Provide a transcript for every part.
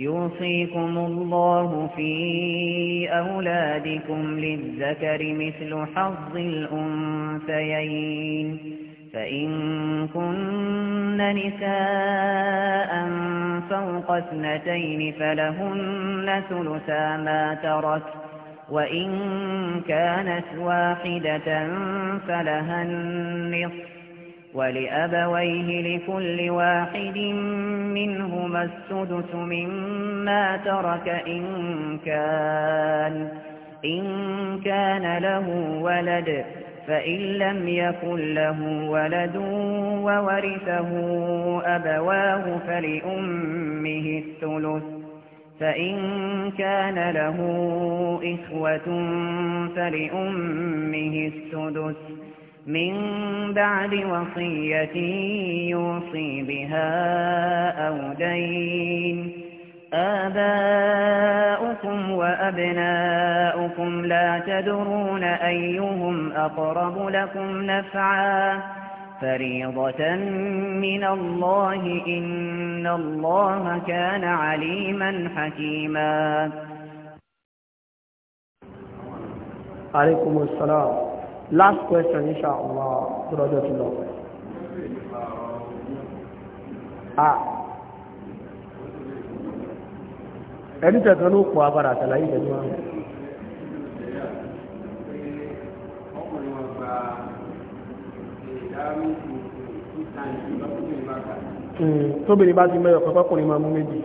يوصيكم الله في أولادكم للذكر مثل حظ الأنثيين فإن كن نساء فوق اثنتين فلهن ثلثا ما ترك وإن كانت واحدة فلها النصف ولأبويه لكل واحد منهما السدس مما ترك إن كان, إن كان له ولد فإن لم يكن له ولد وورثه أبواه فلأمه الثلث فإن كان له إخوة فلأمه السدس من بعد وصية يوصي بها أو دين آباؤكم وأبناؤكم لا تدرون أيهم أقرب لكم نفعا فريضة من الله إن الله كان عليما حكيما عليكم السلام last question isha inshallah rọ́jọ́ ti lọ ẹni tẹ̀kan ló pọ̀ abára àtàlàyé ìjẹ̀jú àwọn tóbi ni bá ti mẹ́yọ̀ pẹ́pẹ́kùnrin máa mú méjì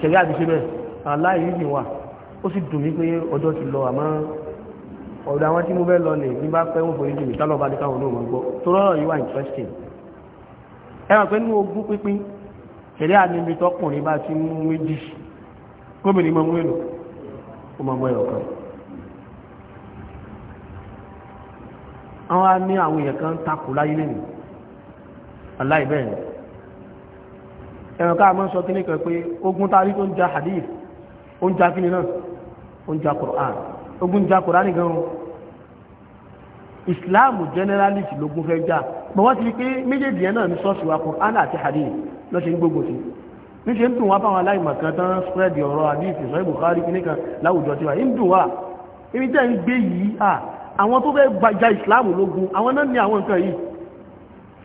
ṣẹ̀rí àti ṣe bẹ́ẹ̀ aláìríjì wà ó sì dùn mí pé ọjọ́ ti lọ àmọ́ ọ̀dọ̀ àwọn tí mo fẹ́ lọ nì ní bá pẹ́ wọ́n forí jù mí tálọ́ bá ní káwọn olóòmọ̀ gbọ́ tó rọ́rọ̀ yìí wà interesting ẹran pé nínú ogún pínpín ṣẹ̀rí àti ibi tọkùnrin bá ti mú méjì gómìnà mọ́ mú èlò ó máa mọ́ ẹ̀rọ kan àwọn á ní àwọn èèyàn kan takò láyé lẹ́nu aláìbẹ̀rẹ̀ ẹ̀rọ ká mọ́ sọ kí ní kan pé ogun tàbí tó ń ja hadith ó ń ja kí ni náà ó ń ja Qur'an ogun ja Qur'an gan o Islam generalist lógun fẹ́ jà bọ́ wọ́n ti rí pé méjèèjì yẹn náà ní sọ́ọ̀sì wa Qur'an àti hadith lọ́ ṣe ń gbogbo sí ní ṣe ń dùn wá fáwọn aláìmọ̀kan tán spread ọ̀rọ̀ hadith sọ́yìn Bukhari kí ní kan láwùjọ tiwa ń dùn wá ibi tẹ́ ń gbé yìí àwọn tó fẹ́ gbajà Islam lógun àwọn náà ní àwọn nǹkan yìí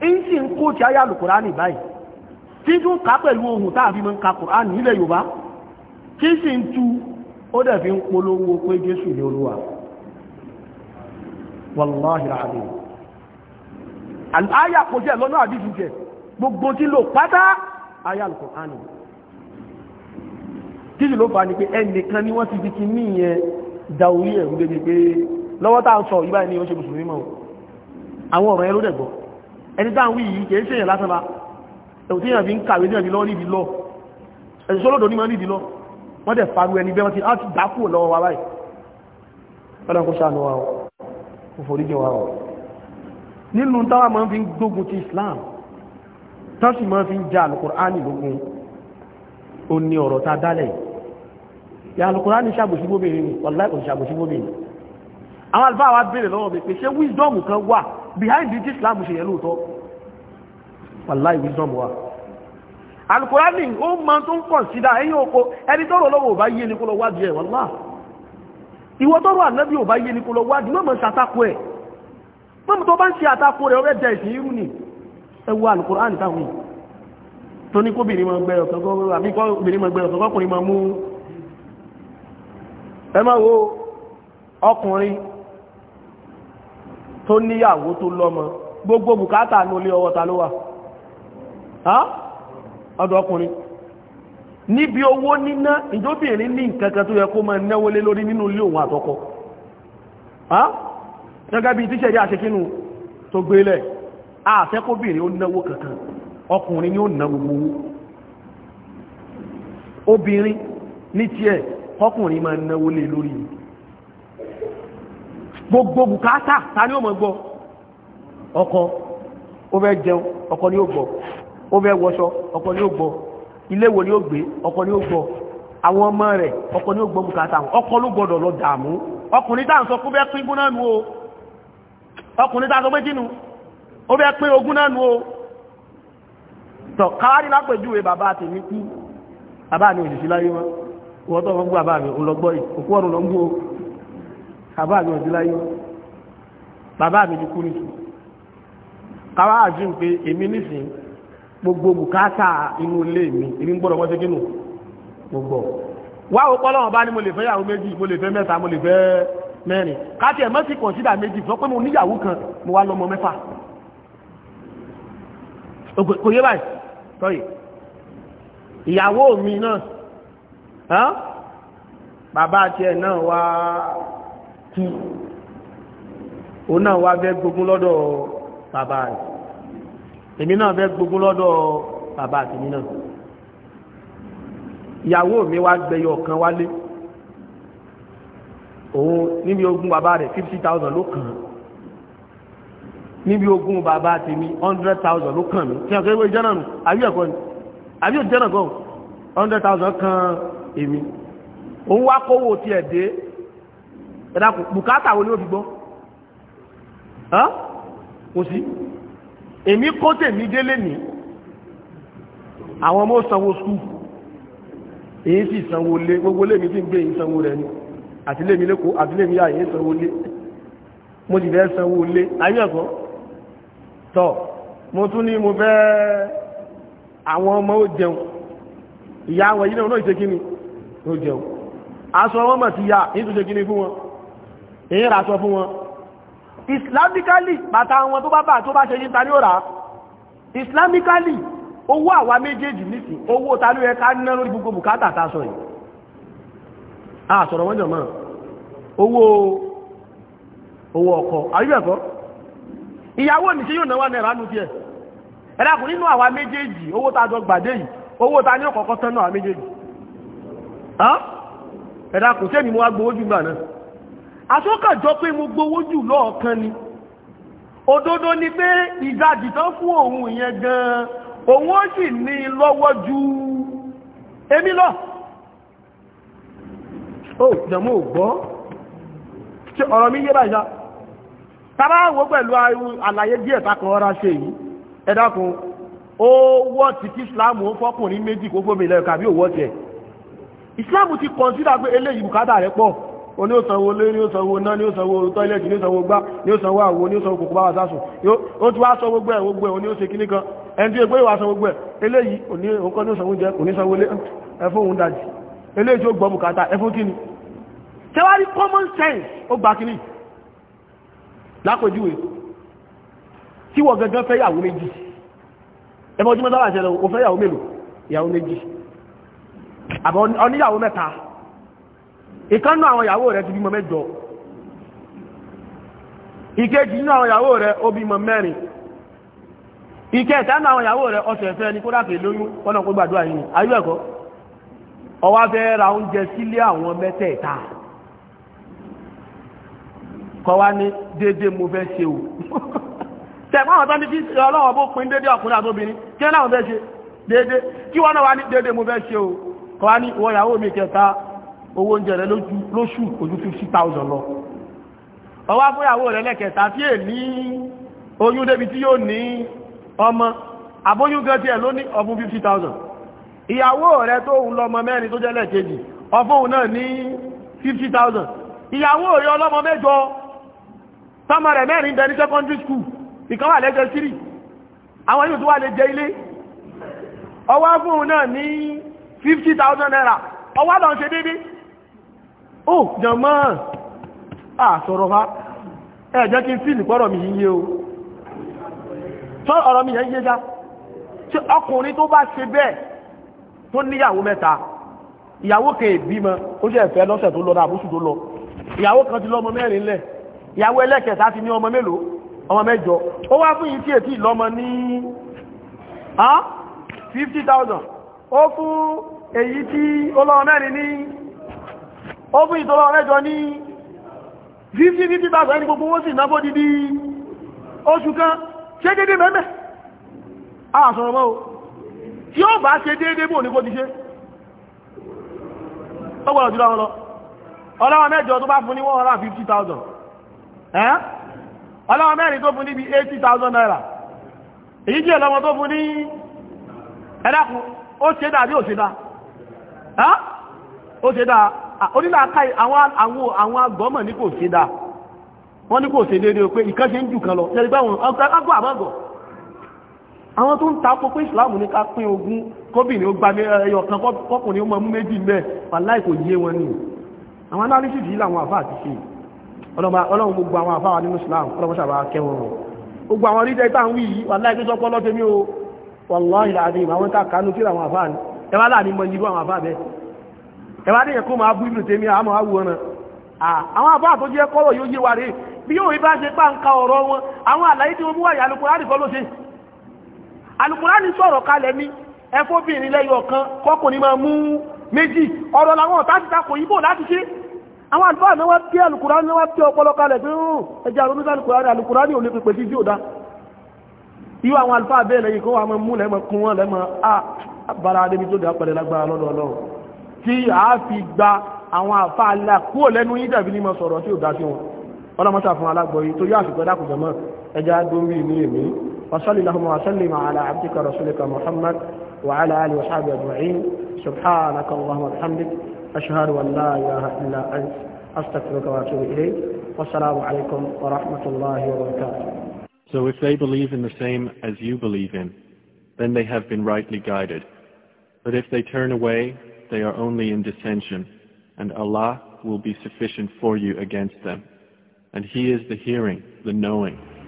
ń sì ń kó tí ayá lùkùránì báyìí tí tún ká pẹ̀lú ohun táàfí mọ́ ń ka kùránì nílẹ̀ Yorùbá tí sì ń tú ó dẹ̀ fi ń polówó pé Jésù ní Olúwa wàláhì àdìm àyà kò jẹ́ lọ́nà àdìsí jẹ gbogbo tí lò pátá ayá ni wọ́n ti fi kí ẹni dáhùn wí yìí kìí ṣèyàn lásán bá ẹ̀wù tí èèyàn fi ń kàwé ní ẹ̀dì lọ nídìí lọ ẹ̀sùn sọ́lọ́dọ̀ ní ma nídìí lọ wọ́n dẹ̀ faru ẹni bẹ́ẹ̀ ti áti dákù lọ́wọ́ wa báyìí ọ̀nà kó ṣàánú wa kò foríjì wa ọ̀ nínú táwa máa fi ń gbógun ti Islam tọ́sí máa fi ń ja alukur'ani lógun ó ní ọ̀rọ̀ ta dálẹ̀ ya alukur'ani ṣàbòsí bóbìnrin ni wàláì kò ṣàbòsí àwọn àlùfáà wa béèrè lọ́wọ́ mi pé ṣé wisdom kan wà behind the islam ṣe yẹ lóòótọ́ wàláì wisdom wa alukurani ó ma tó ń consider ẹ̀yìn oko ẹni tọ́rọ lọ́wọ́ ò bá yé ní kó lọ wádìí ẹ̀ wàlá ìwọ tọ́rọ ànábì ò bá yé ní kó lọ wádìí mọ́mọ̀ ṣe àtakò ẹ̀ mọ́mọ̀ tó bá ń ṣe àtakò rẹ̀ ọ̀rẹ́ jẹ́ ìsìn irú ni ẹwọ alukurani táwọn tó ní kóbìnrin máa gbẹ̀rọ̀ kankan àbí kóbìnrin máa gbẹ̀rọ̀ kankan ọkùnrin máa mú ẹ máa wo ọkùnrin tó níyàwó tó lọ́mọ gbogbo bukata ní olé ọwọ́ ta ló wà ọ̀dọ̀ ọkùnrin níbi owó níná ìjóbìnrin ní nǹkankan tó yẹ kó máa náwó lé lórí nínú ilé òun àtọkọ gẹ́gẹ́ bí tíṣẹ̀rí àṣekínú tó gbélẹ̀ ni ọkùnrin ma náwó lórí gbogbo bùkátà ta ni ó mọ̀ gbọ́ ọkọ ó fẹ́ jẹun ọkọ ni ó gbọ́ ó fẹ́ wọṣọ ọkọ ni ó gbọ́ ilé wo ni ó gbé ọkọ ni ó gbọ́ àwọn ọmọ rẹ̀ ọkọ ni ó gbọ́ bùkátà wọn ọkọ ló gbọ́dọ̀ lọ dààmú ọkùnrin tá à ń sọ fún bẹ́ẹ̀ pín gún nu o ọkùnrin tá a sọ pé kínú ó bẹ́ẹ̀ pín ogún náà nu o tọ̀ káwárí lápèjúwe bàbá àtẹ̀mí kú bàbá mi ò sì sí láyé wọn wọ́n tọ́ wọn gbọ́ bàbá mi ò lọ gbọ́ òkú ọ̀run lọ ń gbó o bàbá mi ọdún láyé bàbá mi ti kú nìsí káwá àjùm pé èmi nìsín gbogbo bùkátà inú ilé mi èmi ń gbọ́dọ̀ wọ́n ṣe kínú gbogbo wá o kọ́ lọ́wọ́n bá ní mo lè fẹ́ yàwó méjì mo lè fẹ́ mẹ́ta mo lè fẹ́ mẹ́rin káàtì ẹ̀ mọ́sí kọ̀nsídà méjì sọ pé mo níyàwó kan mo wá lọ́mọ mẹ́fà kò yé báyìí sọ́yì ìyàwó mi náà bàbá tiẹ̀ náà wá kú òun náà wá fẹ́ gbógun lọ́dọ̀ bàbá rẹ̀ èmi náà fẹ́ gbógun lọ́dọ̀ bàbá àtìmí náà ìyàwó mi wá gbẹyọ kan wálé òun níbi ogún bàbá rẹ̀ fifty thousand ló kàn án níbi ogún bàbá tèmi hundred thousand ló kàn mí tí a kò ewé jẹ́nà nù àbí ẹ̀kọ́ ni àbí ò jẹ́nà kan hundred thousand kan èmi òun wá kówó tiẹ̀ dé ẹ̀dàkùn bùkátà wo ni ó fi gbọ́ kò sí èmi kó tèmi délé ní àwọn ọmọ sanwó skú èyí sì sanwó lé gbogbo lèmi tí ń gbé èyí sanwó rẹ̀ ni àti lèmi lẹ́kọ́ àti lèmi yà èyí sanwó lé mo sì fẹ́ sanwó lé ayẹ́kọ́ tọ́ mo tún ní mo fẹ́ àwọn ọmọ ó jẹun ìyá àwọn yìí náà ìṣe kíni ó jẹun aṣọ wọn mọ̀ sí ya ní tó ṣe kíni fún wọn èyí rà sọ fún wọn islamically bàtà wọn tó bá bà tó bá ṣe yíta ní òrà islamically owó àwa méjèèjì nìsí owó ta ló yẹ ká ná lórí gbogbo bùkátà ta sọ yìí a sọ̀rọ̀ wọ́n jọmọ́ owó owó ọkọ̀ ayúbẹ̀kọ́ ìyàwó nìṣẹ́ yóò náwà náírà nù díẹ̀ ẹ̀dàkùn nínú àwa méjèèjì owó ta ta ní ọ̀kọ̀ọ̀kọ́ tán náà méjèèjì ẹ̀dàkùn sẹ́mi náà àtọ́kàjọ pé mo gbowó jù lọ́ọ̀kan ni òdodo ni pé ìdajì tán fún òun ìyẹn gan òun ó sì ní lọ́wọ́ ju èmi lọ ó jẹ̀mú ò gbọ́ ṣe ọ̀rọ̀ mi yé báyìí tàbá wo pẹ̀lú àlàyé díẹ̀ takọ̀ ọ́ra ṣe yìí ẹ dákun ó wọ́ ti kí islamu ó fọ́kùnrin méjì kó fómi lẹ́ẹ̀kà bí ò islamu ti kọ̀nsídà pé o ní ó sanwó lé ní ó sanwó náà ní ó toilet tọ́ílẹ̀tì ní ó sanwó gbá ní ó sanwó àwo ní ó sanwó kòkó báwa sásùn ó tún wá sọ gbogbo ẹ̀ gbogbo ẹ̀ o ní ó ṣe kíní kan ẹni tí ó gbé ìwà sọ gbogbo ẹ̀ eléyìí òní òǹkọ́ ní ó sanwó jẹ òní sanwó lé ẹfún òun dàjì eléyìí tí common sense ó gbà kíní lápèjúwe tí wọ́n gangan fẹ́ yàwó méjì ẹmọ ojúmọ́ sábà ṣẹlẹ̀ o fẹ́ yàwó mélòó yàwó méjì àbọ̀ ìkánú àwọn ìyàwó rẹ̀ ti bímọ mẹ́jọ ìkejì ní àwọn ìyàwó rẹ̀ ó bímọ mẹ́rin ìkẹta nínú àwọn ìyàwó rẹ̀ ọ̀sẹ̀ ẹ̀fẹ́ ní kó lóyún kọ́nà kó gbàdúrà yìí ayú ẹ̀kọ́ ọwá fẹ́ ra oúnjẹ sílé àwọn mẹ́tẹ̀ẹ̀ta wá ní dédé mo fẹ́ ṣe àwọn ọlọ́wọ́ bó pin dédé ọkùnrin àtóbìnrin kí wọ́n náà owó oúnjẹ rẹ lóṣù ojú fifty thousand lọ ọwọ́ afúnyàwó rẹ lẹ́kẹ̀ẹ́ta tí è ní oyún débi tí yóò ní ọmọ àbóyún gan tiẹ̀ ló ní ọ̀fún fifty thousand ìyàwó rẹ tó ń lọ́mọ mẹ́rin tó jẹ́ lẹ́kẹ̀ẹ́jì ọ̀fún náà ní fifty thousand ìyàwó rẹ ọlọ́mọ mẹ́jọ sọmọ rẹ mẹ́rin bẹ ní secondary school ìkan wà lẹ́jọ sírì àwọn yóò tó wà lè jẹ ilé fifty thousand naira ọwọ́ lọ́n ṣe déédéé ó jàmá àsọ̀rọ̀ bá ẹ̀jẹ́ kí n fíìlì pọ́rọ̀ mi yíye o tọ́ ọ̀rọ̀ mi yẹn yé já tí ọkùnrin tó bá ṣe bẹ́ẹ̀ tó níyàwó mẹ́ta ìyàwó kan ìbímọ ó ṣe ẹ̀fẹ́ lọ́sẹ̀ tó lọ láàbùsù tó lọ ìyàwó kan ti lọ́mọ mẹ́rin lẹ̀ ìyàwó ẹlẹ́kẹta ti ní ọmọ mélòó ọmọ mẹ́jọ ó wá fún yìí tí ètí ìlọ́mọ ní 50,000 ó fún èyí tí ó lọ́mọ mẹ́rin ní ó fún ìtọ́lọ́ ọ̀rẹ́jọ ní 50-50 bàbá ẹni gbogbo owó sì náà bó dìdí oṣù kan ṣe dédé mẹ́mẹ́ àṣọ̀rọ̀ mọ́ o tí ó bá ṣe dédé bò ní kó ti ṣe ó gbọ́dọ̀ jùlọ lọ ọlọ́wọ́ mẹ́jọ tó bá fún ní 150,000 ẹ́ ọlọ́wọ́ mẹ́rin tó fún níbi 80,000 naira èyí jẹ́ ọlọ́wọ́ tó fún ní ẹ̀dàkùn ó ṣe dáa bí ó ṣe dáa Ah, onílàáká àwọn agbọ́mọ̀ ní kò ṣe dáa wọ́n ní kò ṣe déédéé pé ìkan ṣe ń jù kan lọ tẹ́lẹ̀ gbáwọn agbọ́ àbọ́gọ̀ àwọn tó ń takò pé ìsìláàmù ní ká pín ogún kóbìnrin ó gba eh, ẹyọ kan kọkùnrin ó mọ mú méjì mẹ́ wàláì kò yé wọn ni àwọn analysis yìí làwọn àfáà ti ṣe ọlọ́run gbogbo àwọn àfáà wà nínú islam ọlọ́run sábà kẹwọn wọn gbogbo àwọn orílẹ̀ ìta ń wí yìí wàláì tó sọpọ́ lọ́tẹ́mí o wàláì làdí àwọn tá kanú kí àwọn àfáà ni ẹwà láàrin mọ irú àwọn àfáà bẹ́ẹ̀ ẹ̀wà dẹ̀yẹ̀ kó máa bú ìlú tèmi àmọ́ ama àwọn àbá àtọ́jú ẹ kọ́rọ̀ yóò yé wa rèé bí yóò bá ṣe pá ń ka ọ̀rọ̀ wọn àwọn àlàyé tí wọ́n mú wáyé ọrụ kọ́ ló ṣe alukurani sọ̀rọ̀ kalẹ̀ ní ẹfọ́bìnrin lẹ́yọ kan kọkùnrin máa mú méjì ọ̀rọ̀ làwọn ọ̀tá ti takò yíbò láti ṣe àwọn àlùfáà náà wá pé alukurani náà wá tí a fi gba àwọn àfá alá kúrò lẹ́nu yí ní mọ́ sọ̀rọ̀ tí ó dá sí wọn fún alágbọ̀yí tó yá àsìkò ẹja ní èmi ala abdika rasulika muhammad wa ala ali wa ajma'in subhanaka allahumma bihamdik ashhadu an la ilaha illa ant astaghfiruka wa atubu ilayk wa assalamu alaykum wa rahmatullahi wa barakatuh So if they believe in the same as you believe in, then they have been rightly guided. But if they turn away, they are only in dissension, and Allah will be sufficient for you against them. And He is the hearing, the knowing.